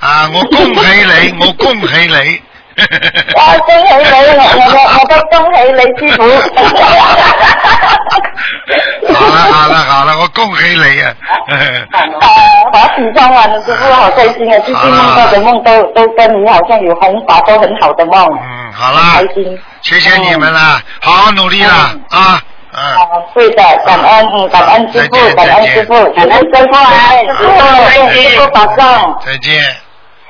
啊！我恭喜你，我恭喜你，我恭喜你，我我我都恭喜你師傅。好啦好啦好啦，我恭喜你啊！啊，好開心啊，你師傅好開心啊，最近做的夢都都跟你好像有很好都很好的夢。嗯，好啦，開心，謝謝你們啦，好好努力啦，啊，嗯，對嘅，感恩，感恩師傅，感恩師傅，感恩師傅啊，師傅，師傅保重，再見。